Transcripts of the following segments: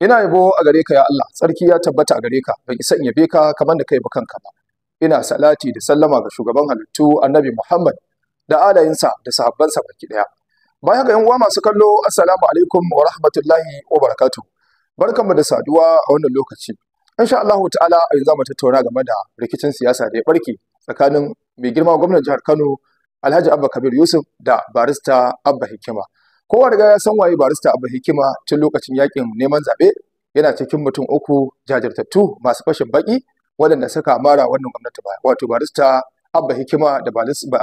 ina yabo a gare ka ya Allah tsarki ya tabbata a gare ka ban isa in yabe ka kamar da kai ba kanka ba ina salati da sallama ga shugaban halittu annabi Muhammad da alayinsa da sahabbansa baki daya bayan ga yan uwa masu kallo assalamu alaikum wa rahmatullahi wa barakatuh barkanmu da saduwa a wannan lokaci insha Allah ta'ala a yanzu mu tattauna game da rikicin siyasa da ya barke tsakanin mai girma gwamnatin jihar Kano Alhaji Abba Kabir Yusuf da barista Abba Hikima kowa riga ya san waye barista abu hikima tun lokacin yakin neman zaɓe yana cikin mutum uku jajirtattu masu fashin baki waɗanda suka mara wannan gwamnati ba wato barista abba hikima da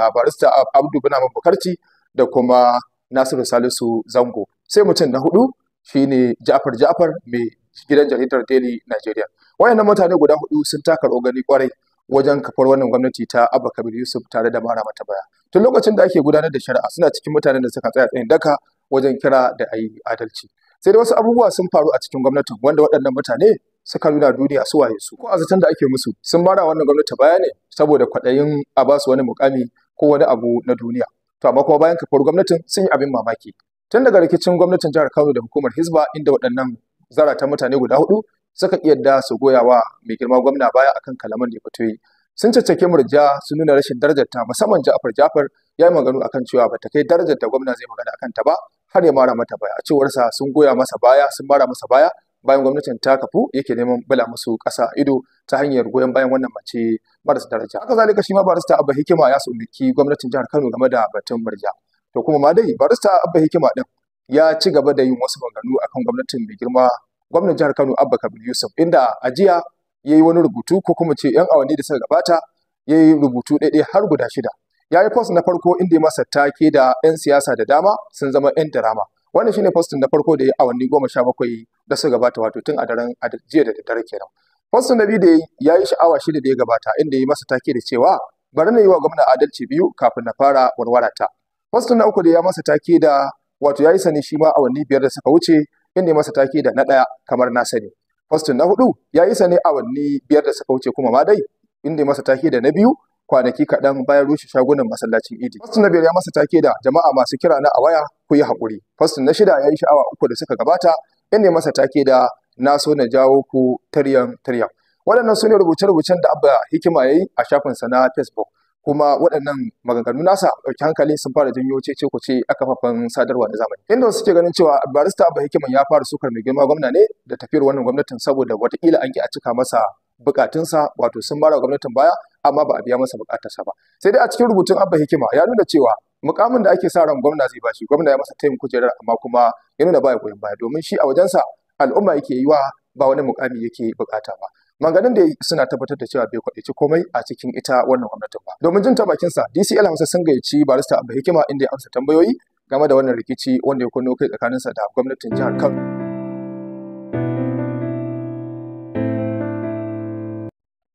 barista abdu bin amin bukarci da kuma nasiru salisu zango sai mutum na hudu shine ja'far ja'far mai gidan jaridar daily nigeria wayannan mutane guda hudu sun taka rogani kwarai wajen kafar wannan gwamnati ta abba kabir yusuf tare da mara mata baya tun lokacin da ake gudanar da shari'a suna cikin mutanen da suka tsaya tsayin daka wajen kira da a yi adalci sai da wasu abubuwa sun faru a cikin gwamnatin wanda waɗannan mutane suka nuna duniya su waye su ko zaton da ake musu sun mara wannan gwamnati baya ne saboda kwaɗayin a ba su wani mukami ko wani abu na duniya to amma kuma bayan kafar gwamnatin sun yi abin mamaki tun daga rikicin gwamnatin jihar Kano da hukumar Hizba inda waɗannan zarata mutane guda hudu suka yadda su goya wa mai girma gwamna baya akan kalaman da ya fito yi sun caccake murja sun nuna rashin darajarta musamman Ja'far Ja'far ya yi maganu akan cewa ba ta kai darajar da gwamna zai magana akan ta ba har ya mara mata baya a cewarsa sun goya masa baya sun mara masa baya bayan gwamnatin ta kafu yake neman bala musu ƙasa ido ta hanyar goyon bayan wannan mace marasa daraja haka zalika shi ma barista abba hikima ya sumiki gwamnatin jihar kano game da batun murja to kuma ma dai barista abba hikima din ya ci gaba da yin wasu maganganu akan gwamnatin mai girma gwamnan jihar kano abba kabir yusuf inda a jiya ya yi wani rubutu ko kuma ce yan awanni da suka gabata ya yi rubutu ɗaiɗai har guda shida ya yi post na farko inda ya masa take da 'yan siyasa da dama sun zama 'yan dirama wannan shine postin na farko da ya awanni goma sha bakwai da su gabata wato tun a daren jiya da daddare kenan postin na biyu da ya yi sha'awa shida da ya gabata inda ya yi masa take da cewa bari na yi wa gwamna adalci biyu kafin na fara warwara ta postin na uku da ya masa take da wato ya yi sani shi ma awanni biyar da suka wuce inda ya masa take da na ɗaya kamar na sani postin na hudu ya yi sani awanni biyar da suka wuce kuma ma dai inda ya masa take da na biyu kwanaki kaɗan bayan rushe shagunan masallacin idi fasin na biyar ya masa take da jama'a masu kira na a waya ku yi haƙuri fasin na shida ya yi sha'awa uku da suka gabata In ya masa take da na so na jawo ku taryan taryan waɗannan su ne rubuce-rubucen da abba hikima ya yi a shafinsa na facebook kuma waɗannan maganganu nasa ɗauki hankali sun fara janyo ce ku ce a kafafen sadarwa na zamani inda wasu suke ganin cewa barista abba hikima ya fara sukar mai girma gwamna ne da tafiyar wannan gwamnatin saboda watakila an ki a cika masa bukatunsa wato sun mara gwamnatin baya amma ba a biya masa bukatarsa ba sai dai a cikin rubutun abba hikima ya nuna cewa mukamin da ake sa ran gwamna zai bashi gwamna ya masa tayin kujerar amma kuma ya nuna baya goyon baya domin shi a wajensa al'umma yake yi wa ba wani mukami yake bukata ba maganin da suna tabbatar da cewa bai kwaɗaci komai a cikin ita wannan gwamnatin ba domin jin sa DCL Hausa sun gayyaci barista Abba Hikima inda ya amsa tambayoyi game da wannan rikici wanda ya kunno kai tsakaninsa da gwamnatin jihar Kano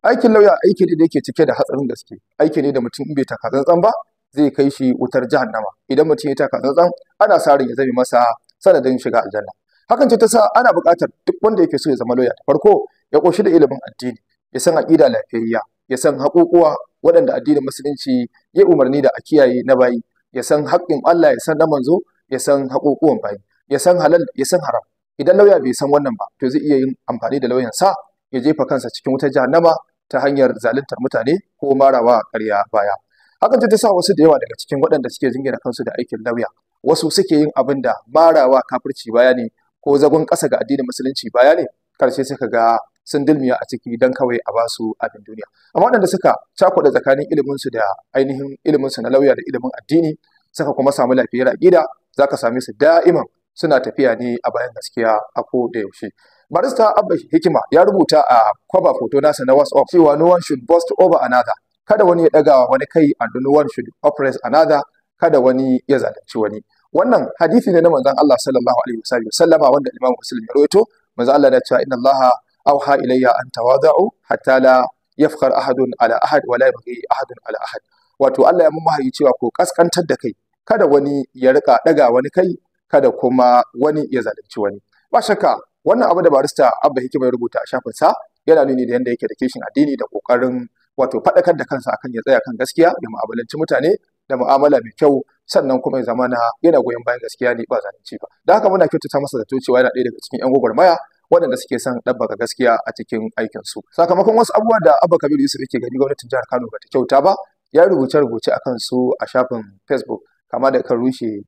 aikin lauya aiki ne da yake cike da hatsarin gaske aiki ne da mutum in bai taka tsantsan ba zai kai shi wutar jahannama idan mutum ya taka tsantsan ana sa ya zame masa sanadin shiga aljanna hakan ce ta sa ana buƙatar duk wanda yake so ya zama lauya da farko ya koshi da ilimin addini ya san aƙida lafiyayya ya san haƙuƙuwa waɗanda addinin musulunci ya umarni da a kiyaye na bayi ya san haƙƙin Allah ya san na manzo ya san haƙuƙuwan bayi ya san halal ya san haram idan lauya bai san wannan ba to zai iya yin amfani da lauyan sa ya jefa kansa cikin wutar jahannama ta hanyar zaluntar mutane ko marawa ƙarya baya hakan ta sa wasu da yawa daga cikin waɗanda suke jingina kansu da aikin lauya wasu suke yin abin da marawa kafirci baya ne ko zagon ƙasa ga addinin musulunci baya ne karshe suka ga sun dilmiya a ciki don kawai a basu abin duniya amma waɗanda suka cakuɗa tsakanin iliminsu da ainihin iliminsu na lauya da ilimin addini suka kuma samu lafiyar a gida za ka same su da'iman suna tafiya ne a bayan gaskiya a ko da yaushe barista abba hikima ya rubuta a kwaba foto nasa na whatsapp cewa no one should bust over another kada wani ya daga wani kai and no one should oppress another kada wani ya zalunci wani wannan hadisi ne na manzon Allah sallallahu alaihi sallama wanda Imam Muslim ya rawaito manzon Allah ya ce inna Allah awha ilayya an tawada'u hatta la yafkhar ahadun ala ahad wa la yabghi ahadun ala ahad wato Allah ya mun mahayi cewa ko kaskantar da kai kada wani ya rika daga wani kai kada kuma wani ya zalunci wani ba shakka wannan abu da barista abba hikima ya rubuta a shafin shafinsa yana nuni da yanda yake da kishin addini da kokarin wato faɗakar da kansa akan ya tsaya kan gaskiya da mu'amalanci mutane da mu'amala mai kyau sannan kuma ya zamana yana goyon bayan gaskiya ne ba zalunci ba da haka muna kyautata masa zato cewa yana ɗaya daga cikin yan gwagwarmaya waɗanda suke son ɗabbaka gaskiya a cikin su sakamakon wasu abubuwa da abba kabiru yusuf yake gani gwamnatin jihar kano ba ta kyauta ba ya rubuce rubuce akan su a shafin facebook kama da kan rushe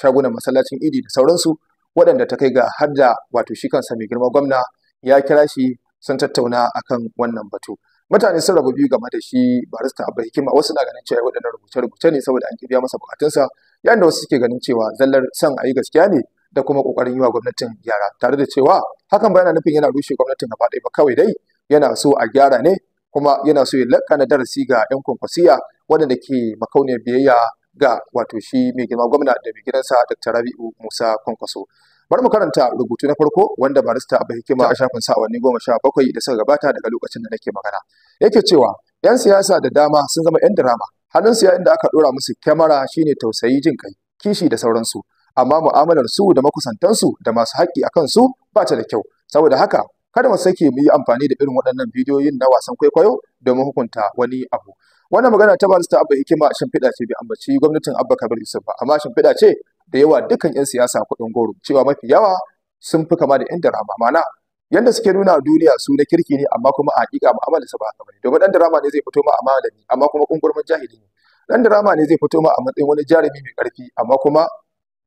shagunan masallacin idi da sauransu waɗanda ta kai ga da wato shi kansa mai girma gwamna ya kira shi sun tattauna akan wannan batu mutane sun rabu biyu game da shi barista abu hikima wasu na ganin cewa waɗannan rubuce-rubuce ne saboda an biya masa bukatunsa yayin da wasu suke ganin cewa zallar son a yi gaskiya ne da kuma ƙoƙarin yi wa gwamnatin gyara tare da cewa hakan ba yana nufin yana rushe gwamnatin gaba ɗaya ba kawai dai yana so a gyara ne kuma yana so ya lakana darasi ga 'yan kwankwasiya waɗanda ke makauniyar biyayya ga wato shi mai girma gwamna da mai gidansa Dr. Rabi'u Musa Kwankwaso. Bari mu karanta rubutu na farko wanda barista Abba Hikima a shafin sa'awanni goma sha bakwai da suka gabata daga lokacin da nake magana. Yake cewa 'yan siyasa da dama sun zama 'yan dirama halin yayin da aka ɗora musu kyamara shine tausayi jin kai kishi da sauransu amma mu'amalar su da makusantansu da masu haƙƙi a kansu ba ta da kyau saboda haka kada mu sake mu yi amfani da irin waɗannan bidiyoyin na wasan kwaikwayo domin hukunta wani abu wannan magana ta ta abba hikima shimfiɗa ce bai ambaci gwamnatin abba kabir yusuf ba amma shimfiɗa ce da yawa dukkan yan siyasa kuɗin goro cewa mafi yawa sun fi kama da yan darama mana yanda suke nuna a duniya su na kirki ne amma kuma a hakika mu'amalar su ba haka bane domin dan darama ne zai fito ma a malami amma kuma kungurmin jahili ne dan darama ne zai fito ma a matsayin wani jarumi mai karfi amma kuma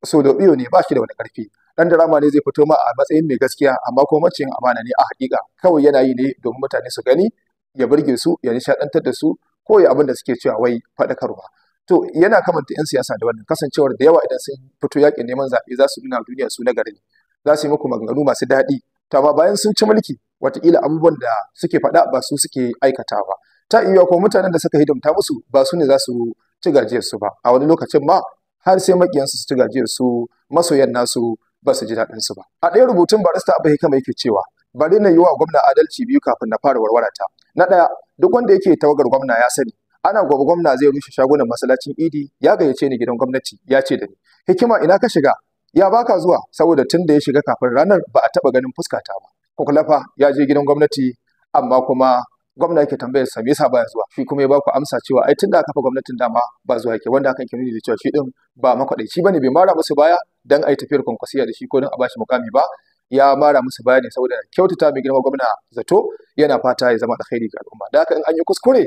so ne ba shi da wani karfi dan darama ne zai fito ma a matsayin mai gaskiya amma kuma maciyin amana ne a hakika kawai yana yi ne domin mutane su gani ya burge su ya nishadantar da su koyi abin da suke cewa wai faɗakarwa to yana kamanta 'yan siyasa da wannan kasancewar da yawa idan sun fito yaƙin neman zaɓe za su nuna duniya su na gari za su yi muku maganganu masu daɗi to amma bayan sun ci mulki watakila abubuwan da suke faɗa ba su suke aikatawa. ba ta iya ko mutanen da suka hidimta musu ba su ne za su ci gajiyar su ba a wani lokacin ma har sai makiyansu su ci gajiyar su masoyan nasu ba su ji daɗin su ba a ɗaya rubutun barista abu hikama yake cewa bari na yi wa gwamna adalci biyu kafin na fara warwara ta na ɗaya duk wanda yake tawagar gwamna ya sani ana gobe gwamna zai rushe shagunan masallacin idi ya gayyace ni gidan gwamnati ya ce da ni hikima ina ka shiga ya baka zuwa saboda tun da ya shiga kafin ranar ba a taba ganin fuskata ba kukulafa ya je gidan gwamnati amma kuma gwamna yake tambayar sa me yasa baya zuwa shi kuma ya baku amsa cewa ai tunda aka fa gwamnatin dama ba zuwa yake wanda hakan ke nuni da cewa shi din ba makwadaici bane bai mara musu baya dan ai tafiyar kwankwasiya da shi ko dan a bashi mukami ba ya mara musu bayani saboda kyautata mai girma gwamna zato yana fata ya zama alkhairi ga al'umma da haka in an yi kuskure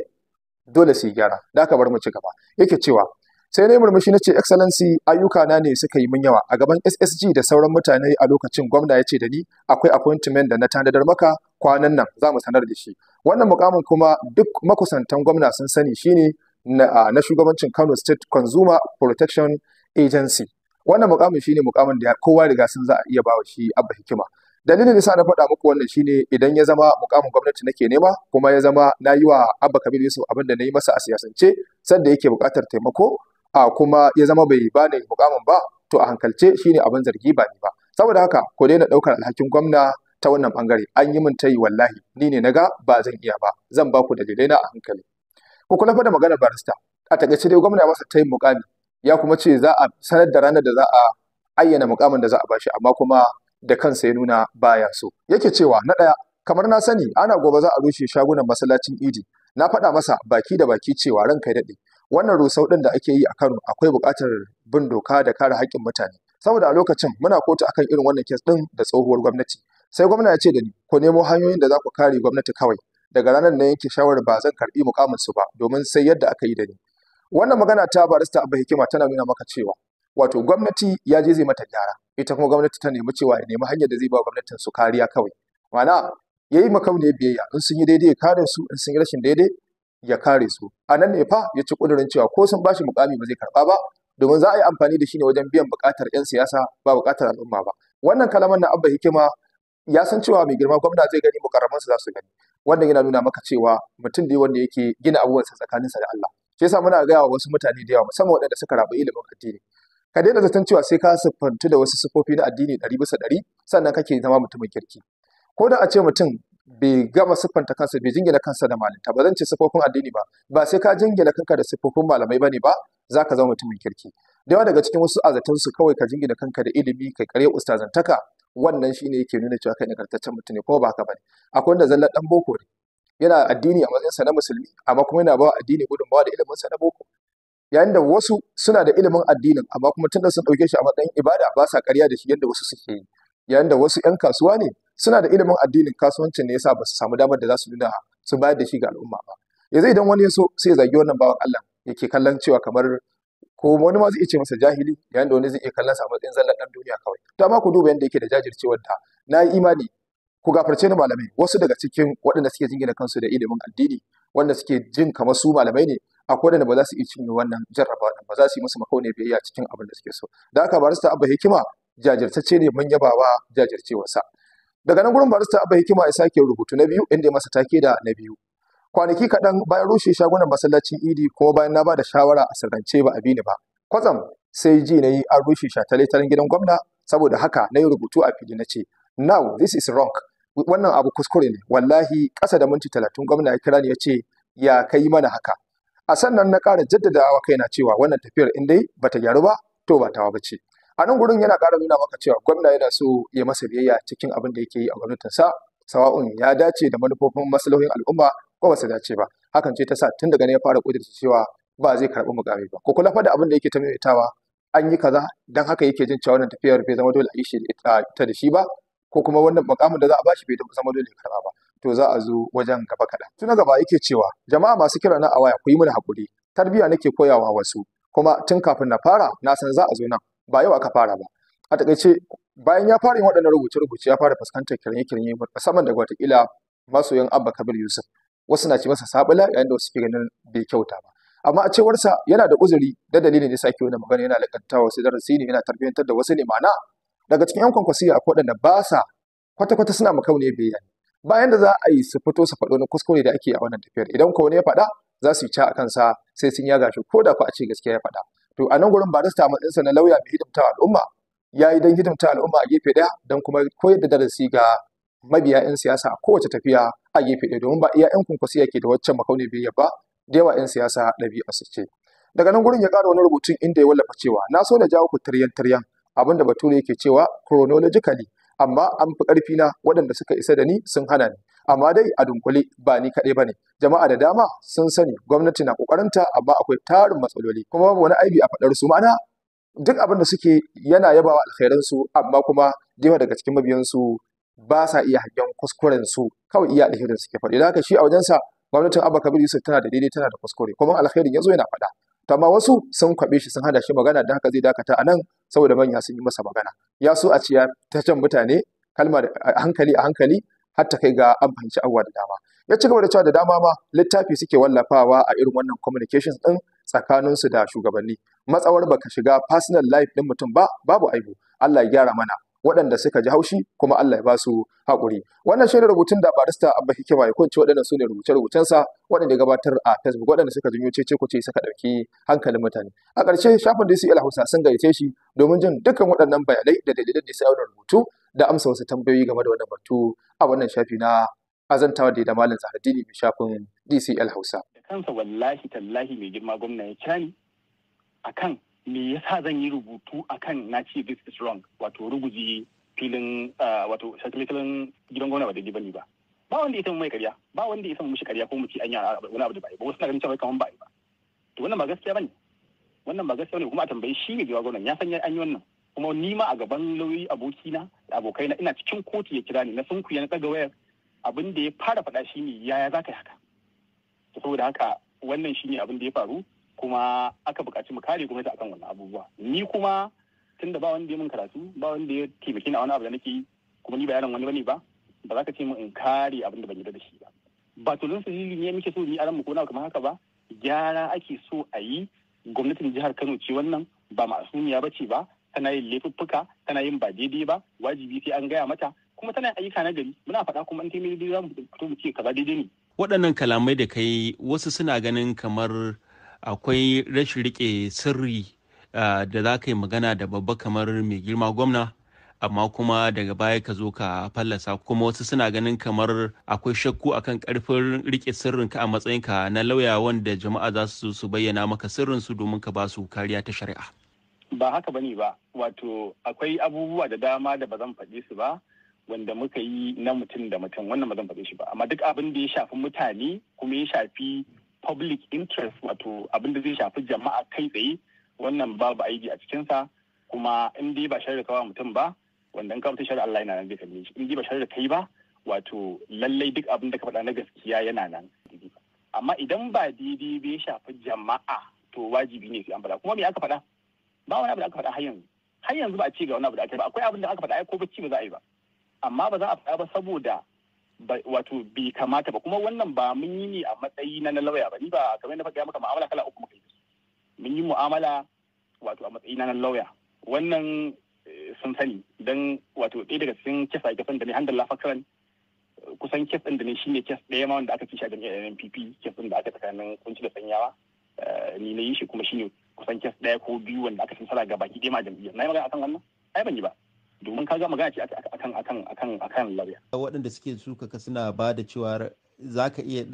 dole su yi gyara da haka bar mu ci gaba yake cewa sai na yi murmushi na ce excellency ayyuka na ne suka yi min yawa a gaban ssg da sauran mutane a lokacin gwamna ya ce da ni akwai appointment da na tanadar maka kwanan nan za mu sanar da shi wannan mukamin kuma duk makusantan gwamna sun sani shine na shugabancin kano state consumer protection agency wannan mukamin shine mukamin da kowa riga sun za a iya bawa shi abba hikima dalilin da sa na faɗa muku wannan shine idan ya zama mukamin gwamnati nake nema kuma ya zama na yi wa abba kabir yusuf abin da na yi masa a siyasance sanda yake buƙatar taimako a kuma ya zama bai ba bani mukamin ba to a hankalce shine abin zargi ba ni ba saboda haka ku daina ɗaukar alhakin gwamna ta wannan bangare an yi min tayi wallahi ni ne naga ba zan iya ba zan ba ku dalilai na a hankali ku kula fa da maganar barista a takaice dai gwamna masa tayin mukami ya kuma ce za a sanar da ranar da za a ayyana mukamin da za a bashi amma kuma da kansa ya nuna baya so yake cewa na ɗaya kamar na sani ana gobe za a rushe shagunan masallacin idi na faɗa masa baki da baki cewa ranka ya daɗe wannan rusau ɗin da ake yi a Kano akwai buƙatar bin doka da kare haƙƙin mutane saboda a lokacin muna kotu akan irin wannan kes ɗin da tsohuwar gwamnati sai gwamna ya ce da ni ku nemo hanyoyin da za ku kare gwamnati kawai daga ranar na yanke shawarar ba zan karɓi mukamin su ba domin sai yadda aka yi da ni wannan magana ta barista abu hikima tana nuna maka cewa wato gwamnati ya je zai mata gyara ita kuma gwamnati ta nemi cewa ya nemi hanyar da zai ba gwamnatin su kariya kawai Mana ya yi makauniyar biyayya in sun yi daidai ya kare su in sun yi rashin daidai ya kare su a nan ne fa ya ci kudurin cewa ko sun bashi mukami ba zai karba ba domin za a yi amfani da shi ne wajen biyan bukatar 'yan siyasa ba bukatar al'umma ba wannan kalaman na abba hikima ya san cewa mai girma gwamna zai gani mukarramansa za su gani wannan yana nuna maka cewa mutum ne wanda yake gina abubuwansa tsakaninsa da Allah shi yasa muna gaya wa wasu mutane da yawa musamman waɗanda suka rabu ilimin addini ka daina zaton cewa sai ka siffantu da wasu siffofi na addini ɗari bisa ɗari sannan kake zama mutumin kirki ko da a ce mutum bai gama siffanta kansa bai jingina kansa da malinta ba zan ce siffofin addini ba ba sai ka jingina kanka da siffofin malamai ba ne ba za ka zama mutumin kirki da yawa daga cikin wasu azatansu su kawai ka jingina kanka da ilimi kai kare ustazantaka wannan shine yake nuna cewa kai nagartaccen mutum ne ko ba haka bane akwai wanda zallar dan boko ne yana addini a matsayinsa na musulmi amma kuma yana ba wa addini gudunmawa da sa na boko yayin da wasu suna da ilimin addinin amma kuma tunda sun ɗauke shi a matsayin ibada ba sa ƙarya da shi yanda wasu suke yi hmm. yayin da wasu 'yan kasuwa ne suna da ilimin addinin kasuwancin ne yasa ba su samu damar da za su nuna su bayar da shi ga al'umma ba Ya yanzu idan wani ya so sai ya zagi wannan bawan Allah yake kallon cewa kamar ko wani ma zai iya ce masa jahili yayin da wani zai iya kallon sa matsayin zallan dan duniya kawai to amma ku duba yanda yake da jajircewar ta na yi imani ku gafarce ni malamai wasu daga cikin waɗanda suke jingina kansu da ilimin addini wanda suke jin kamar su malamai ne akwai waɗanda ba za su iya cinye wannan jarraba ba za su yi musu makaune biyayya cikin abin da suke so da aka barista abba hikima jajirtacce ne mun yabawa jajircewarsa daga nan gurin barista abba hikima ya sake rubutu na biyu inda ya masa take da na biyu kwanaki kaɗan bayan rushe shagunan masallacin idi kuma bayan na ba da shawara a sirrance ba a bi ni ba kwatsam sai ji na yi an rushe shataletaren gidan gwamna saboda haka na yi rubutu a fili na ce now this is wrong wannan abu kuskure ne wallahi ƙasa da minti talatin gwamna ya kira ni ya ce ya kai mana haka a sannan na ƙara jaddadawa kaina cewa wannan tafiyar in dai ba ta gyaru ba to ba tawa bace a nan gurin yana ƙara nuna maka cewa gwamna yana so ya masa biyayya cikin abin da yake yi a gwamnatinsa sawa'un ya dace da manufofin maslahohin al'umma ko ba su dace ba hakan ce ta sa tun daga ne ya fara ƙudurta cewa ba zai karɓi mukami ba ko kula fa da abin da yake ta maimaitawa an yi kaza dan haka yake jin cewa wannan tafiyar bai zama dole a yi shi ta da shi ba ko kuma wannan mukamin da za a bashi bai taɓa zama dole karɓa ba to za a zo wajen gaba kaɗan. Tuna gaba yake cewa jama'a masu kira na a waya ku yi mana hakuri tarbiyya nake koyawa wasu kuma tun kafin na fara na san za a zo nan ba yau aka fara ba. A takaice bayan ya fara yin waɗannan rubuce-rubuce ya fara fuskantar kiranye-kiranye musamman daga watakila masoyan Abba Kabir Yusuf wasu na ce masa sabila yayin da wasu ke ganin bai kyauta ba. amma a cewarsa yana da uzuri da dalilin da sake wani magana yana lakantawa wasu darasi ne yana tarbiyyantar da wasu ne ma'ana daga cikin yan kwankwasiya akwai waɗanda ba sa kwata-kwata suna ne biyayya bayan da za a yi su fito su faɗo na kuskure da ake a wannan tafiyar idan ko ne ya faɗa za su yi ca a kansa sai sun yaga shi ko da ku a ce gaskiya ya faɗa to a nan gurin barista matsayinsa na lauya mai hidimta al'umma ya yi don hidimta al'umma a gefe ɗaya don kuma koyar da darasi ga mabiya 'yan siyasa a kowace tafiya a gefe ɗaya domin ba iya 'yan kunkusi yake da waccan makauni biyayya ba da yawa 'yan siyasa ɗabi'a su ce daga nan gurin ya ƙara wani rubutun inda ya wallafa cewa na so na jawo ku tiryan abin da bature yake cewa chronologically amma an fi ƙarfi na waɗanda suka isa da ni sun hana ni amma dai a dunkule ba ni kaɗai ba ne jama'a da dama sun sani gwamnati na ƙoƙarinta amma akwai tarin matsaloli kuma babu wani aibi a faɗar su ma'ana duk abin da suke yana yabawa su amma kuma jima daga cikin mabiyansu ba sa iya hangen kuskuren su kawai iya alkhairin suke faɗi da haka shi a wajensa gwamnatin abba kabir yusuf tana da daidai tana da kuskure kuma alkhairin ya zo yana faɗa Tama amma wasu sun kwaɓe shi sun hada shi magana da haka zai dakata a nan saboda manya sun yi masa magana ya so a ciyar ta can mutane kalmar a hankali a hankali har ta kai ga an fahimci abubuwa da dama ya ci gaba da cewa da dama ma littafi suke wallafawa a irin wannan communications din su da shugabanni matsawar baka shiga personal life din mutum ba babu aibu Allah ya gyara mana waɗanda suka ji haushi kuma Allah ya ba su haƙuri wannan shine rubutun da barista Abba Hikima ya kunce waɗannan su ne rubuce rubucensa waɗanda gabatar a Facebook waɗanda suka janyo cece ce, suka ɗauki hankalin mutane a ƙarshe shafin DCL Hausa sun gayyace shi domin jin dukkan waɗannan bayanai da dalilan da ya rubutu da amsa wasu tambayoyi game da wannan batu a wannan shafi na azantawa da da malam Dini mai shafin DCL Hausa. Da kansa wallahi tallahi mai girma gwamna ya cani akan me yasa zan yi rubutu akan na ce this is wrong wato ruguji filin ah, wato sakamakon gidan gwamna ba daidai bane ba ba wanda ya san mai karya ba wanda ya san mushi karya ko mu ci an wani abu da ba ba wasu na ganin cewa kaman ba ba to wannan ba gaskiya bane wannan ba gaskiya bane kuma a tambayi shi ne jawa gwamnan ya san an yi wannan kuma ni ma a gaban lauyi abokina da abokaina ina cikin kotu ya kira ni na sunkuya na daga wayar abin da ya fara faɗa shi ne yaya za ka yi haka saboda haka wannan shi ne abin da ya faru kuma aka buƙaci mu kare gwamnati akan wannan abubuwa ni kuma tunda ba wanda ya mun karatu ba wanda ya taimaki na a wani abu da nake yi kuma ni bayanin wani bane ba ba za ka ce mu in kare abin da ban yi da shi ba ba tulun ni ne muke so ni aran mu ko na kamar haka ba gyara ake so a yi gwamnatin jihar Kano ce wannan ba ma'asumiya ba ce ba tana yin laifuffuka tana yin ba daidai ba wajibi sai an gaya mata kuma tana ayyuka na gari muna faɗa kuma an taimaki da za mu fito mu ce kaza daidai ne waɗannan kalamai da kai wasu suna ganin kamar akwai rashin rike sirri da za ka yi magana da babba kamar mai girma gwamna amma kuma daga baya ka zo ka fallasa kuma wasu suna ganin kamar akwai shakku akan karfin rike sirrinka a matsayinka na lauya wanda jama'a za su su bayyana maka sirrinsu domin ka ba su kariya ta shari'a ba haka bane ba wato akwai abubuwa da dama da ba zan faɗe su ba wanda muka yi na mutum da mutum wannan ba zan faɗe shi ba amma duk abin da ya shafi mutane kuma ya shafi public interest wato abin da zai shafi jama'a kai tsaye wannan babu aiki a cikinsa kuma in dai ba shari'a kawai mutum ba wanda in ka mutu shari'a Allah yana nan zai kalle shi in dai ba shari'a kai ba wato lallai duk abin da ka faɗa na gaskiya yana nan amma idan ba daidai bai shafi jama'a to wajibi ne sai an faɗa kuma me aka faɗa ba wani abu da aka faɗa har yanzu har yanzu ba a ci ga wani abu da aka ba akwai abin da aka faɗa ai ko bacci ba za a yi ba amma ba za a faɗa ba saboda wato bai kamata ba kuma wannan ba mun yi ne a matsayi na lauya ba ni ba kamar yadda faɗa maka mu'amala kala uku muka yi mun yi mu'amala wato a matsayi na lauya wannan eh, sun sani don wato ɗaya daga cikin kisa kisan da ne handal lafakaran kusan kes ɗin da ne shine kes ɗaya ma wanda aka fi shi a NPP kes ɗin da aka tsakanin kunci da sanyawa eh, ni na yi shi kuma shine kusan kes ɗaya ko biyu wanda aka fi sara ga baki ɗaya ma jam'iyyar na yi magana akan wannan ai ban yi ba domin ka magana ce akan akan akan akan lauya waɗanda suke suka ka suna ba da cewa za ka iya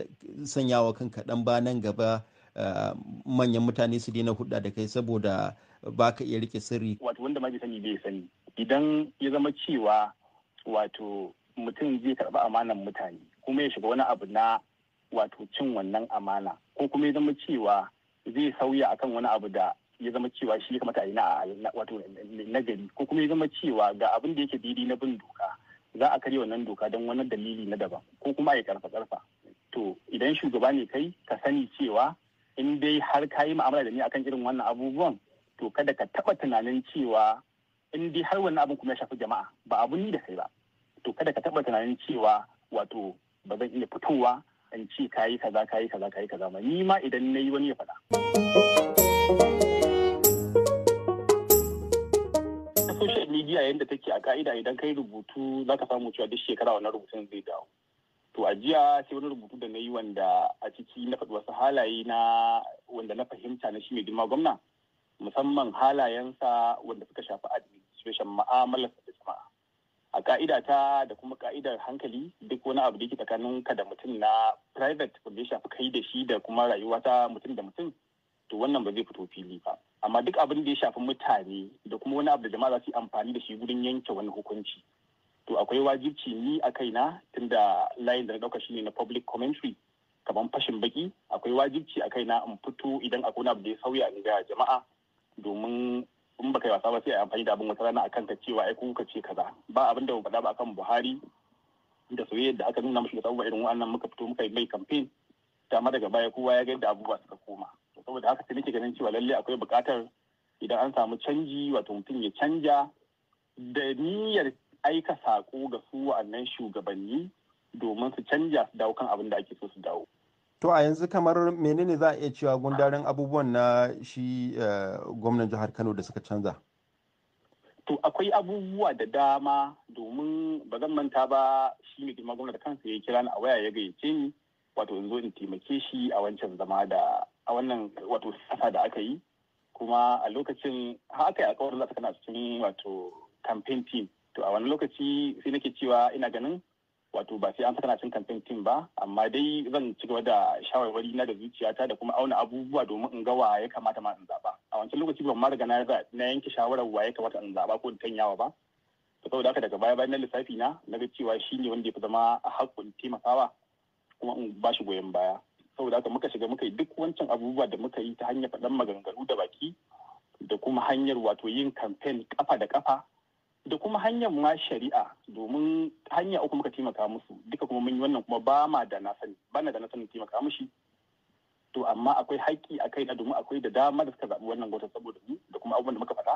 sanyawa kanka dan ba nan gaba manyan mutane su daina hudda da kai saboda ba ka iya rike sirri wato wanda ma bai sani bai sani idan ya zama cewa wato mutum zai karɓi amanan mutane kuma ya shiga wani abu na wato cin wannan amana ko kuma ya zama cewa zai sauya akan wani abu da ya zama cewa shi ya kamata a yi na wato nagari ko kuma ya zama cewa ga abin da yake daidai na bin doka za a karya wannan doka don wani dalili na daban ko kuma ya karfa karfa to idan shugaba ne kai ka sani cewa in dai har ka yi ma'amala da ni akan irin wannan abubuwan to kada ka taba tunanin cewa in dai har wannan abin kuma ya shafi jama'a ba abu ni da kai ba to kada ka taba tunanin cewa wato ba zan iya fitowa in ce kayi kaza kayi kaza kayi kaza ba ni ma idan na yi wani ya faɗa. media yadda take a ka'ida idan kai rubutu za ka samu cewa duk shekara wannan rubutun zai dawo to a jiya sai wani rubutu da na yi wanda a ciki na faɗi wasu halaye na wanda na fahimta na shi mai girma gwamna musamman halayensa wanda suka shafi administration ma'amalar da jama'a a ka'ida ta da kuma ka'idar hankali duk wani abu da yake tsakanin ka da mutum na private wanda ya shafi kai da shi da kuma rayuwa ta mutum da mutum to wannan ba zai fito fili ba amma duk abin da ya shafi mutane da kuma wani abu da jama'a za su yi amfani da shi gudun yanke wani hukunci to akwai wajibci ni a kaina tunda layin da na ɗauka shine na public commentary kamar fashin baki akwai wajibci a kaina in fito idan akwai wani abu da ya sauya in ga jama'a domin in baka yi wasa ba sai a amfani da abin wata rana akan ta cewa ai kuka ce kaza ba abin da faɗa ba akan Buhari da soyayyar da aka nuna mashi da irin wannan muka fito muka yi mai campaign dama daga baya kowa ya ga yadda abubuwa suka koma saboda haka sai nake ganin cewa lalle akwai buƙatar idan an samu canji wato mutum ya canja da niyyar aika saƙo ga su wa'annan shugabanni domin su canja su dawo kan abin da ake so su dawo. To a yanzu kamar menene za a iya cewa gundarin abubuwan na shi eh, gwamnan jihar Kano da suka canza? To akwai abubuwa da dama domin ba zan manta ba shi mai girma gwamnati kansa ya kira ni a waya ya gayyace ni wato in zo in taimake shi a wancan zama da a wannan wato siyasa da aka yi kuma a lokacin har aka yi alkawar za ta kana cikin wato campaign team to a wani lokaci sai nake cewa ina ganin wato ba sai an saka cin campaign team ba amma dai zan ci gaba da shawarwari na da zuciyata da kuma auna abubuwa domin in ga wa ya kamata ma in zaba a wancan lokaci ban ma riga na na yanke shawarar wa ya kamata in zaba ko in tanyawa ba to saboda haka daga baya bayan na lissafi na na ga cewa ne wanda ya fi zama a haƙƙin taimakawa kuma in ba shi goyon baya saboda haka muka shiga muka yi duk wancan abubuwa da muka yi ta hanyar faɗan maganganu da baki da kuma hanyar wato yin kamfen kafa da kafa da kuma hanyar ma shari'a domin hanya uku muka taimaka musu duka kuma mun yi wannan kuma ba ma da na sani ba na da na sani taimaka mushi to amma akwai haƙƙi a kai na domin akwai da dama da suka zaɓi wannan gwata saboda mu da kuma abubuwan da muka faɗa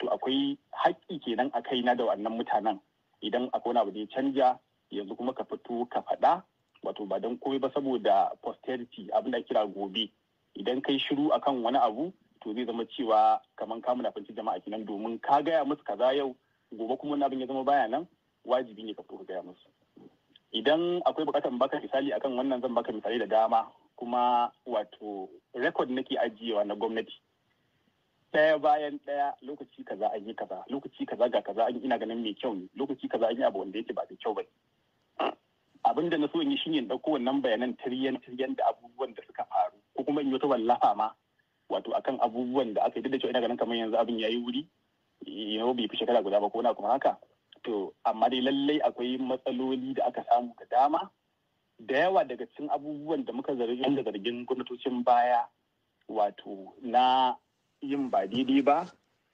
to akwai haƙƙi kenan a kai na da wannan mutanen idan akwai wani abu da ya canja yanzu kuma ka fito ka faɗa wato ba don komai ba saboda posterity abin da kira gobe idan kai shiru akan wani abu to zai zama cewa kamar ka fanci jama'a kenan domin ka gaya musu kaza yau gobe kuma wani abin ya zama baya nan wajibi ne ka fito ka gaya musu idan akwai bukatar baka misali akan wannan zan baka misali da dama kuma wato record nake ajiyewa na gwamnati ɗaya bayan ɗaya lokaci kaza an yi kaza lokaci kaza ga kaza an ina ganin mai kyau ne lokaci kaza an yi abu wanda yake ba da kyau ba abin da na so in yi shine in ɗauko wannan bayanan tiriyan tiriyan da abubuwan da suka faru ko kuma in yi wata wallafa ma wato akan abubuwan da aka yi duk da cewa ina ganin kamar yanzu abin yayi wuri yau bai fi shekara guda ba ko na kuma haka to amma dai lallai akwai matsaloli da aka samu da dama da yawa daga cikin abubuwan da muka zargi da zargin gwamnatocin baya wato na yin ba daidai ba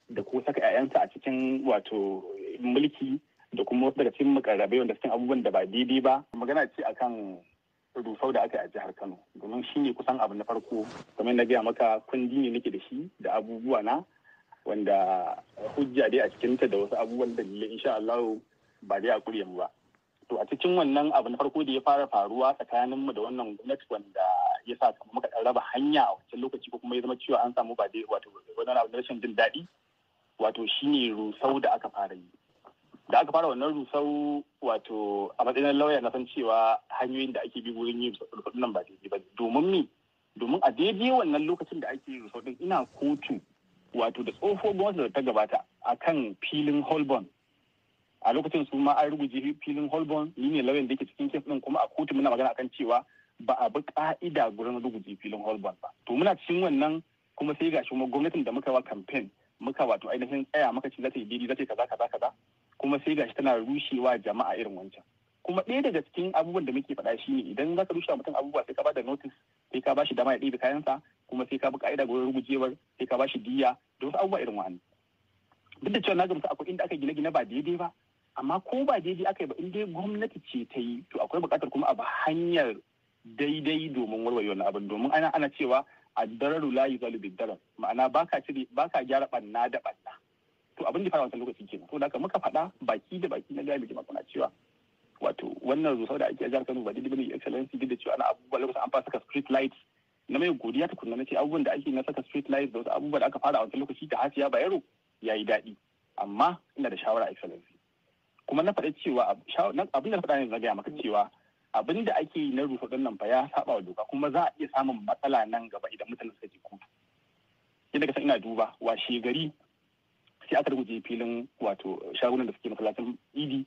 da ko saka 'ya'yansa a cikin wato mulki da kuma wasu daga cikin makarrabai wanda cikin abubuwan da ba daidai ba magana ce akan rusau da aka yi a jihar Kano domin shi ne kusan abu na farko kamar na gaya maka kundi ne nake da shi da abubuwa na wanda hujja dai a cikinta da wasu abubuwan lalle insha Allah ba dai a kuryan ba to a cikin wannan abu na farko da ya fara faruwa tsakanin mu da wannan gwamnati wanda ya sa muka dan raba hanya a wancan lokaci ko kuma ya zama cewa an samu ba dai wato wannan abu na rashin jin daɗi wato shine rusau da aka fara yi da aka fara wannan rusau wato a matsayin lauya na san cewa hanyoyin da ake bi wurin yin rusau nan ba daidai ba domin mi domin a daidai wannan lokacin da ake rusau din ina kotu wato da tsoho gwamnati da ta gabata akan filin holborn a lokacin su ma an rubuce filin holborn ni ne lauyan da ke cikin kes din kuma a kotu muna magana akan cewa ba a bi ka'ida gurin ruguje filin holborn ba to muna cikin wannan kuma sai gashi kuma gwamnatin da muka wa campaign muka wato ainihin tsaya muka ce za ta yi daidai za ta yi kaza kaza kaza kuma sai gashi tana rushewa jama'a irin wancan kuma ɗaya daga cikin abubuwan da muke faɗa ne idan ka rushe mutum abubuwa sai ka bada notis sai ka bashi dama ya ɗebe kayansa kuma sai ka bi ka'ida gurin rugujewar sai ka bashi diya da wasu abubuwa irin wani duk da cewa na gamsu akwai inda aka gine-gine ba daidai ba amma ko ba daidai aka yi ba in dai gwamnati ce ta yi to akwai buƙatar kuma a ba hanyar daidai domin warware wannan abin domin ana ana cewa addararu la yuzalu biddarar ma'ana baka cire baka gyara banna da banna to abin da fara wancan lokacin kenan to da muka faɗa baki da baki na gaya miki kuna cewa wato wannan rusau da ake a jihar Kano ba da bane excellence duk da cewa ana abubuwa lokacin an fara saka street lights na mai godiya ta kunna nace abubuwan da ake na saka street lights da wasu abubuwa da aka fara a wancan lokaci da Hasiya Bayero yayi daɗi amma ina da shawara excellence. kuma na faɗa cewa abin da faɗa ne na gaya maka cewa abin da ake yi na rufe ɗan nan fa ya saba wa doka kuma za a iya samun matsala nan gaba idan mutane suka je kotu. Yadda ka san ina duba washe gari sai aka filin wato shagunan da suke masallacin idi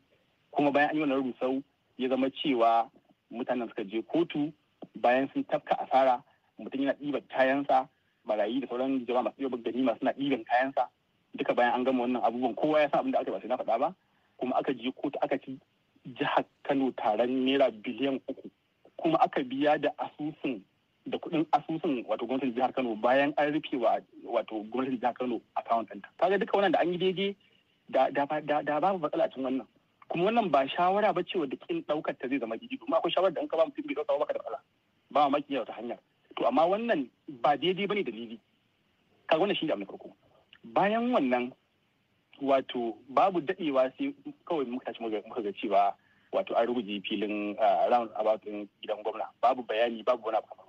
kuma bayan an yi wannan rusau ya zama cewa mutanen suka je kotu bayan sun tafka asara mutum yana ɗiban kayansa barayi da sauran jama'a masu gani masu na ɗiban kayansa duka bayan an gama wannan abubuwan kowa ya san abin da aka ba sai na faɗa ba kuma aka je kotu aka ci jihar kano taron naira biliyan uku kuma aka biya da asusun da kuɗin asusun wato gwamnatin jihar Kano bayan an rufe wa wato gwamnatin jihar Kano account Ta Kaga duka wannan da an yi daidai da da da da babu matsala cikin wannan. Kuma wannan ba shawara ba ce wadda kin ɗaukar ta zai zama gidi kuma akwai shawara da an ka ba mutum bai ɗauka ba ka da matsala. Ba ma maki wata hanyar. To amma wannan ba daidai ba ne dalili. Kaga wannan shi da na farko. Bayan wannan wato babu daɗewa sai kawai muka tashi muka ga cewa wato an rubuce filin ah, round about gidan gwamna babu bayani babu wani abu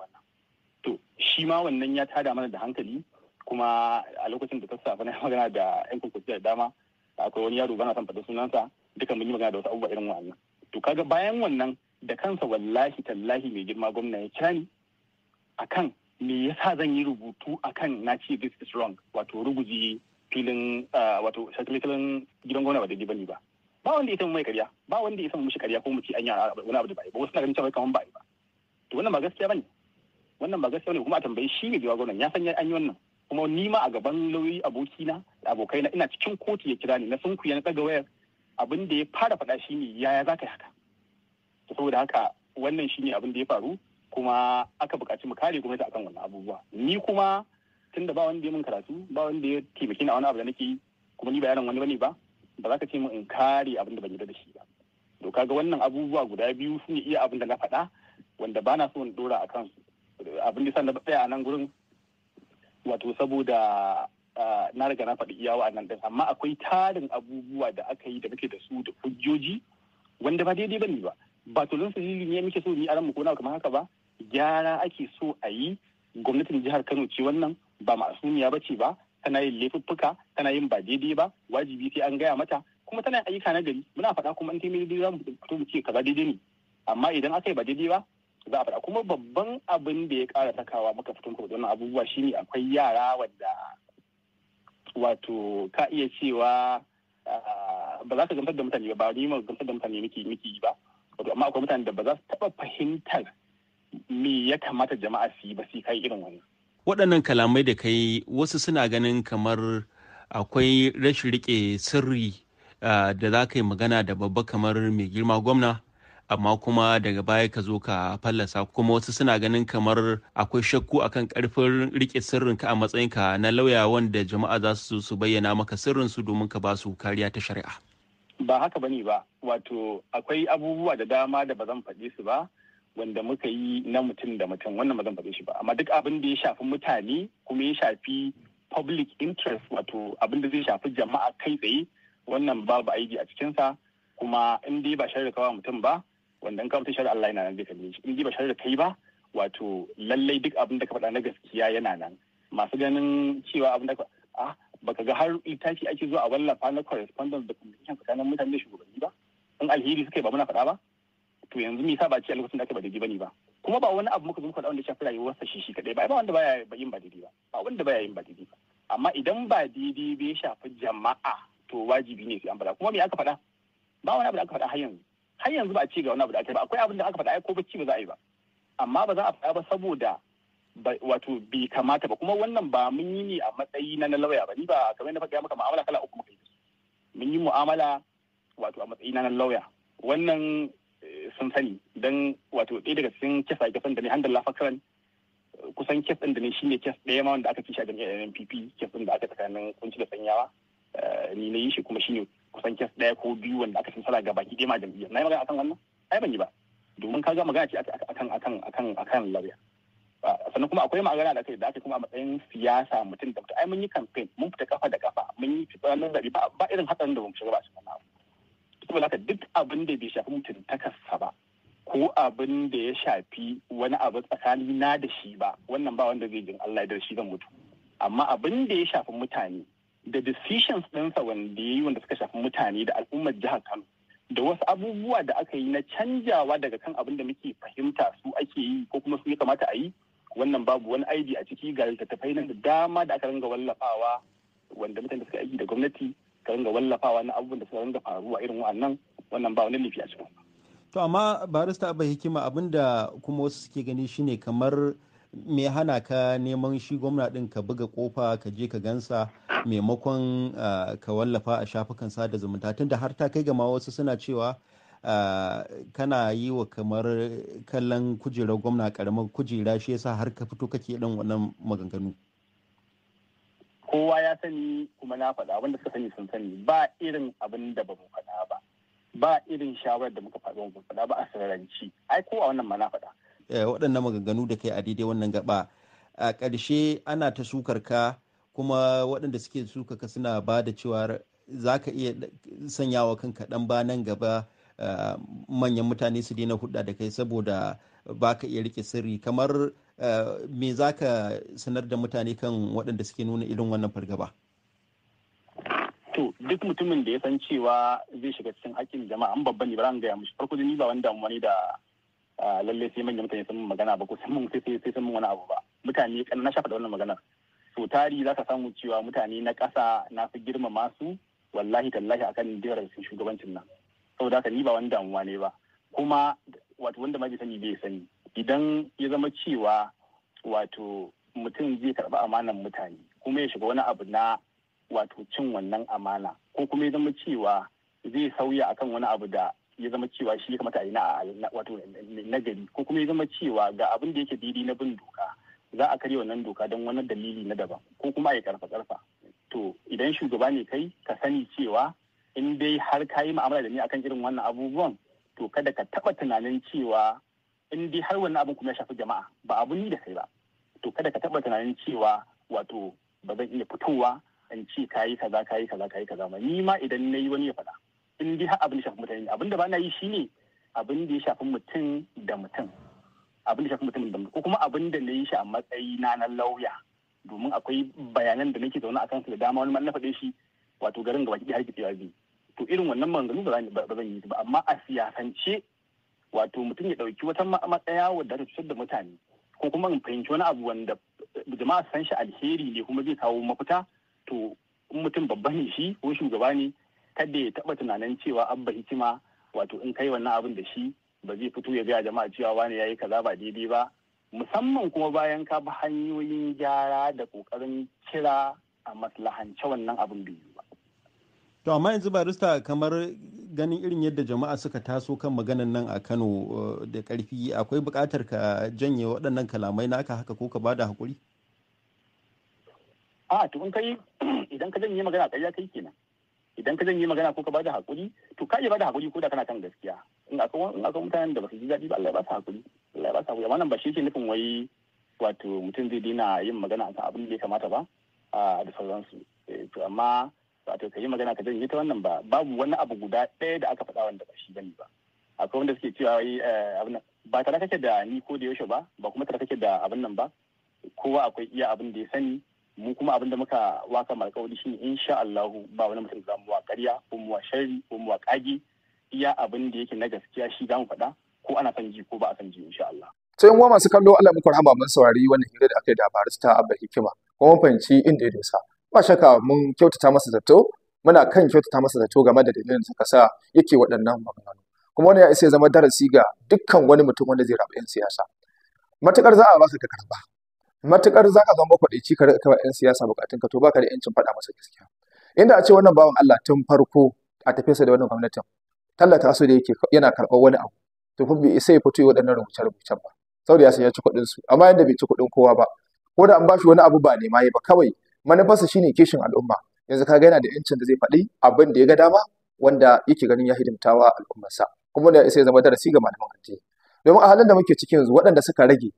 shi ma wannan ya tada mana da hankali kuma a lokacin da ta safa na magana da yan kurkuku da dama akwai wani yaro bana son faɗi sunansa duka mun yi magana da wasu abubuwa irin wannan to kaga bayan wannan da kansa wallahi tallahi mai girma gwamna ya kira ni akan me yasa zan yi rubutu akan na ce this is wrong wato ruguji filin ah, wato sakalikalin gidan gwamna ba daidai bane ba ba wanda ya san mai karya ba wanda ya san mushi karya ko mu ci an yi wani abu da ba ba wasu na ganin cewa kamar ba ba to wannan ba gaskiya ba ne. wannan ba gaskiya ne kuma a tambayi shi ne jawa gwamnan ya san an yi wannan kuma ni ma a gaban lauyoyi abokina abokaina ina cikin kotu ya kira ni na sun kuya na daga wayar abin da ya fara faɗa shi ne yaya za ka yi haka saboda haka wannan shi ne abin da ya faru kuma aka buƙaci mu kare gwamnati akan wannan abubuwa ni kuma tun da ba wanda ya min karatu ba wanda ya taimaki ni a wani abu da nake yi kuma ni bayanin wani bane ba ba za ka ce min in kare abin da ban yarda da shi ba to ga wannan abubuwa guda biyu su ne iya abin da na faɗa wanda ba na so in dora a kansu abin da na tsaya a nan gurin wato saboda na riga na faɗi iyawa a nan ɗin amma akwai tarin abubuwa da aka yi da muke da su da hujjoji wanda ba daidai bane ba ba lunsa sirri ne muke so ni a mu na kamar haka ba gyara ake so a yi gwamnatin jihar Kano ce wannan ba masumiya ba ce ba tana yin laifuffuka tana yin ba daidai ba wajibi sai an gaya mata kuma tana yin ayyuka na gari muna faɗa kuma an taimaka daidai za mu mu ce kaza daidai ne amma idan aka yi ba daidai ba za a faɗa kuma babban abin da ya kara sakawa muka fito muka wannan abubuwa shine akwai yara wadda wato ka iya cewa ah, ba za ka gamsar da mutane ba ni ma gamsar da mutane miki miki ba wato amma akwai mutane da ba za su taɓa fahimtar me ya kamata jama'a su yi ba su kai irin wani. waɗannan kalamai da kai wasu suna ganin kamar akwai rashin riƙe sirri ah, da za ka yi magana da babba kamar mai girma gwamna amma kuma daga baya ka zo ka fallasa kuma wasu suna ganin kamar akwai shakku akan karfin rike sirrin ka a ka na lauya wanda jama'a za su su bayyana maka sirrin sirrinsu domin ka ba su kariya ta shari'a. Ba haka bane ba, wato akwai abubuwa da dama da ba zan faɗi su ba, wanda muka yi na mutum da mutum wannan ba zan faɗi shi ba amma duk abin da ya shafi mutane kuma ya shafi public interest wato abin da zai shafi jama'a kai tsaye wannan babu aiki a cikinsa kuma in dai ba shari'a kawa mutum ba wanda in ka mutum shari'a Allah yana nan zai kalle shi in ji ba shari'a kai ba wato lallai duk abin da ka faɗa na gaskiya yana nan masu ganin cewa abin da ka a baka ga har littafi ake zuwa a wallafa na correspondence da communication tsakanin mutane da shugabanni ba in alheri suka yi ba muna faɗa ba to yanzu me yasa ba ce a lokacin da aka ba daidai bane ba kuma ba wani abu muka zo faɗa wanda ya shafi sa shi shi kadai ba ba wanda baya yin ba daidai ba ba wanda baya yin ba daidai ba amma idan ba daidai bai shafi jama'a to wajibi ne sai an faɗa kuma me aka faɗa ba wani abu da aka faɗa har yanzu har yanzu ba a ci ga wani abu da ake ba akwai abin da aka faɗa ko bacci ba za a yi ba amma ba za a faɗa ba saboda wato bai kamata ba kuma wannan ba mun yi ne a matsayi na na lauya ba ni ba kamar na faɗa maka mu'amala kala uku muka yi mun yi mu'amala wato a matsayi na na lauya wannan eh, sun sani don wato ɗaya daga cikin kisa kisan da ne handal lafakaran kusan kes ɗin da ne shine kes ɗaya ma wanda aka fi shi a jami'ar NPP kes ɗin da aka tsakanin kunci da sanyawa eh, ni na yi shi kuma shine kusan kes ɗaya ko biyu wanda aka sansala ga baki ɗaya ma jam'iyyar na yi magana akan wannan ai ban yi ba domin ka ga magana ce akan akan akan akan lauya sannan kuma akwai magana da kai da ake kuma a matsayin siyasa mutum da mutum ai mun yi campaign mun fita kafa da kafa mun yi fitsarin da ba ba irin hatsarin da mun shiga ba shi wannan abu saboda haka duk abin da bai shafi mutum kasa ba ko abin da ya shafi wani abu tsakani na da shi ba wannan ba wanda zai jin Allah dar shi zan mutu amma abin da ya shafi mutane da decisions ɗinsa wanda ya yi wanda suka shafi mutane da al'ummar jihar Kano da wasu abubuwa da aka yi na canjawa daga kan abin da muke fahimta su ake yi ko kuma su ya kamata a yi wannan babu wani I.D a ciki ga littattafai nan da dama da aka ringa wallafawa wanda mutane suka aiki da gwamnati ka ringa wallafawa na abubuwan da suka ringa faruwa irin wannan wannan ba wani laifi a cikin. To amma barista abin hikima abin da kuma wasu suke gani shine kamar me hana ka neman shi gwamna ɗin ka buga kofa ka je ka gansa maimakon ka wallafa a shafukan sada zumunta tunda har ta kai gama wasu suna cewa kana yi wa kamar kallon kujerar gwamna karamar kujera shi yasa har ka fito kake ɗan wannan maganganu. kowa ya sani kuma na faɗa wanda suka sani sun sani ba irin abin da ba mu faɗa ba ba irin shawarar da muka faɗa ba a sararanci ai kowa wannan ma na faɗa Eh, waɗannan maganganu da kai a daidai wannan gaba a ƙarshe ana ta sukar ka kuma waɗanda suke suka ka suna ba da cewa za ka iya sanyawa kan ɗan ba nan gaba eh, manyan mutane su daina hudda da kai saboda ba ka iya rike sirri kamar eh, me za ka sanar da mutane kan waɗanda suke nuna irin wannan fargaba to duk mutumin da ya san cewa zai shiga cikin haƙƙin jama'a an babban ne ba gaya mushi farko ni ba wani damuwa ne da Ah, lalle sai manyan mutane sun magana ba ko sai mun sai sun wani abu ba mutane na shafa da wannan maganar so tari za ka samu cewa mutane na ƙasa na fi girmama su wallahi tallahi akan su shugabancin nan saboda haka ni ba wani damuwa ne ba kuma wato wanda ma sani bai sani idan ya zama cewa wato mutum zai karɓi amanan mutane kuma ya shiga wani abu na wato cin wannan amana ko kuma ya zama cewa zai sauya akan wani abu da ya zama cewa shi ya kamata a yi na wato nagari ko kuma ya zama cewa ga abin da yake daidai na bin doka za a karya wannan doka don wani dalili na daban ko kuma a yi karfa karfa to idan shugaba ne kai ka sani cewa in dai har ka yi ma'amala da ni akan irin wannan abubuwan to kada ka taba tunanin cewa in dai har wannan abin kuma ya shafi jama'a ba abu ni da kai ba to kada ka taba tunanin cewa wato ba zan iya fitowa in ce ka yi kaza ka yi kaza ka yi kaza ba ni ma idan na yi wani ya faɗa in dai abin da shafi mutane abin da ba na yi shine abin da ya shafi mutum da mutum abin da shafi mutum da mutum ko kuma abin da na yi shi a matsayi na na lauya domin akwai bayanan da nake zaune a kansu da dama wani na faɗe shi wato garin gaba ki har ki biyu to irin wannan maganganu ba zan yi ba amma a siyasance wato mutum ya ɗauki wata matsaya wadda ta cutar da mutane ko kuma in fahimci wani abu wanda jama'a san shi alheri ne kuma zai kawo mafita to in mutum babba ne shi ko shugaba ne kada ya taba tunanin cewa abba hikima wato in kai wannan abin da shi ba zai fito ya gaya jama'a cewa wani yayi kaza ba daidai ba musamman kuma bayan ka bi hanyoyin gyara da kokarin kira a maslahance wannan abin bai ba to amma yanzu barista kamar ganin irin yadda jama'a suka taso kan maganan nan a Kano eh, da karfi akwai bukatar ka janye waɗannan kalamai naka haka ko ka bada hakuri a to in kai idan ka janye magana ƙarya kai kenan idan ka yi magana ko ka bada hakuri to ka iya bada hakuri ko da kana kan gaskiya in akwai in akwai mutanen da ba su ji daɗi ba Allah ya ba su hakuri Allah ya ba su hakuri amma nan ba shi ke nufin wai wato mutum zai daina yin magana akan abin da ya kamata ba da sauransu eh, to amma wato ka yi magana ka janye ta wannan ba babu wani abu guda ɗaya da aka faɗa wanda ba shi bane ba akwai wanda suke cewa wai eh, abin ba tare kake da ni ko da yaushe ba ba kuma tare kake da abin nan ba kowa akwai iya abin da ya sani mu kuma abin da muka waka shi shine insha Allahu ba wani mutum za mu wa ƙarya ko mu wa shari, ko mu wa ƙage iya abin da yake na gaskiya shi za mu faɗa ko ana san ji ko ba a san ji insha Allah to yan masu kallo Allah muku rahama mun saurari wannan hira da aka yi da barista Abba Hikima kuma fahimci inda ya dosa ba shaka mun kyautata masa zato muna kan kyautata masa zato game da dalilin da kasa yake waɗannan maganganu kuma wani ya isa ya zama darasi ga dukkan wani mutum wanda zai raba 'yan siyasa matuƙar za a ba su ka matukar za ka zama kwaɗaici ka rika yan siyasa bukatun ka to baka da yancin faɗa masa gaskiya inda a ce wannan bawan Allah tun farko a tafiyarsa da wannan gwamnatin tallata su da yake yana karɓar wani abu to fa bai sai ya fito waɗannan rubuce rubucen ba saboda ya san ya ci kuɗin su amma yanda bai ci kuɗin kowa ba ko da an ba shi wani abu ba nema ba kawai manufarsa shine kishin al'umma yanzu kaga yana da yancin da zai faɗi abin da ya ga dama wanda yake ganin ya hidimtawa al'ummarsa kuma da isa ya zama darasi ga malaman addini domin a halin da muke cikin yanzu waɗanda suka rage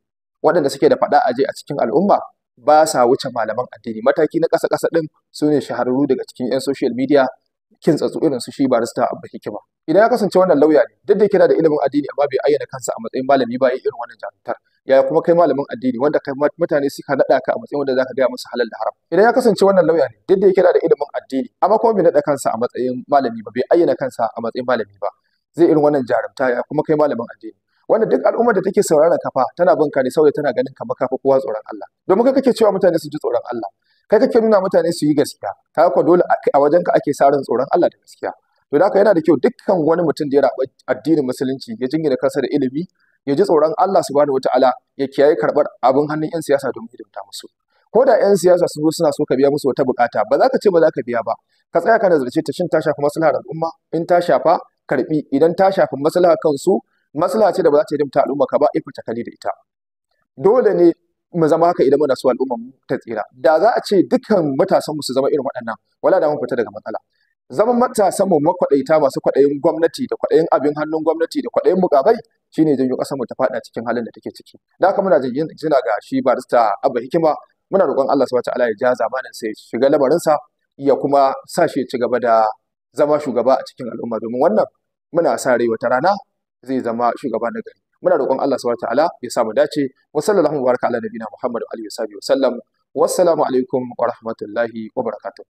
waɗanda suke da faɗa aje a cikin al'umma ba sa wuce malaman addini mataki na ƙasa ƙasa ɗin su ne shahararru daga cikin 'yan social media kin tsatsu irin su shi barista abu hikima idan ya kasance wannan lauya ne duk da kira da ilimin addini amma bai ayyana kansa a matsayin malami ba irin wannan jarumtar yaya kuma kai malamin addini wanda kai mutane suka naɗa ka a matsayin wanda zaka gaya musu halal da haram idan ya kasance wannan lauya ne duk da kira da ilimin addini amma kuma bai naɗa kansa a matsayin malami ba bai ayyana kansa a matsayin malami ba zai irin wannan jarumta ya kuma kai malamin addini wanda duk al'ummar da take sauraron kafa tana bin ka ne saboda tana ganin ka makafa kowa tsoron Allah domin kai kake cewa mutane su ji tsoron Allah kai kake nuna mutane su yi gaskiya ta ko dole a wajen ka ake sarin tsoron Allah da gaskiya to da haka yana da kyau dukkan wani mutum da ya rabu addinin musulunci ya jingina kansa da ilimi ya ji tsoron Allah subhanahu wataala ya kiyaye karbar abin hannun yan siyasa domin hidimta musu ko da yan siyasa su zo suna so ka biya musu wata bukata ba za ka ce ba za ka biya ba ka tsaya ka nazarce ta shin ta shafi maslahar al'umma in ta shafa karbi idan ta shafi maslahar kansu maslaha ce da ba za ta yi al'umma ka ba ifa takali da ita dole ne mu zama haka idan muna so al'umma mu ta tsira da za a ce dukkan matasan mu su zama irin waɗannan wala da mun fita daga matsala zaman matasan mu makwadaita masu kwaɗayin gwamnati da kwadayin abin hannun gwamnati da kwadayin mukabai shine janyo kasar mu ta fada cikin halin da take ciki da haka muna jin jina ga shi barista Abba Hikima muna roƙon Allah subhanahu wataala ya ja zamanin sai shiga lamarin sa ya kuma sa shi ci gaba da zama shugaba a cikin al'umma domin wannan muna sa rai wata rana zai zama shugaba na gari muna roƙon Allah subhanahu ta'ala ya mu dace wa sallallahu baraka ala nabina Muhammad wa alihi wa sallam wassalamu alaikum wa rahmatullahi wa barakatuh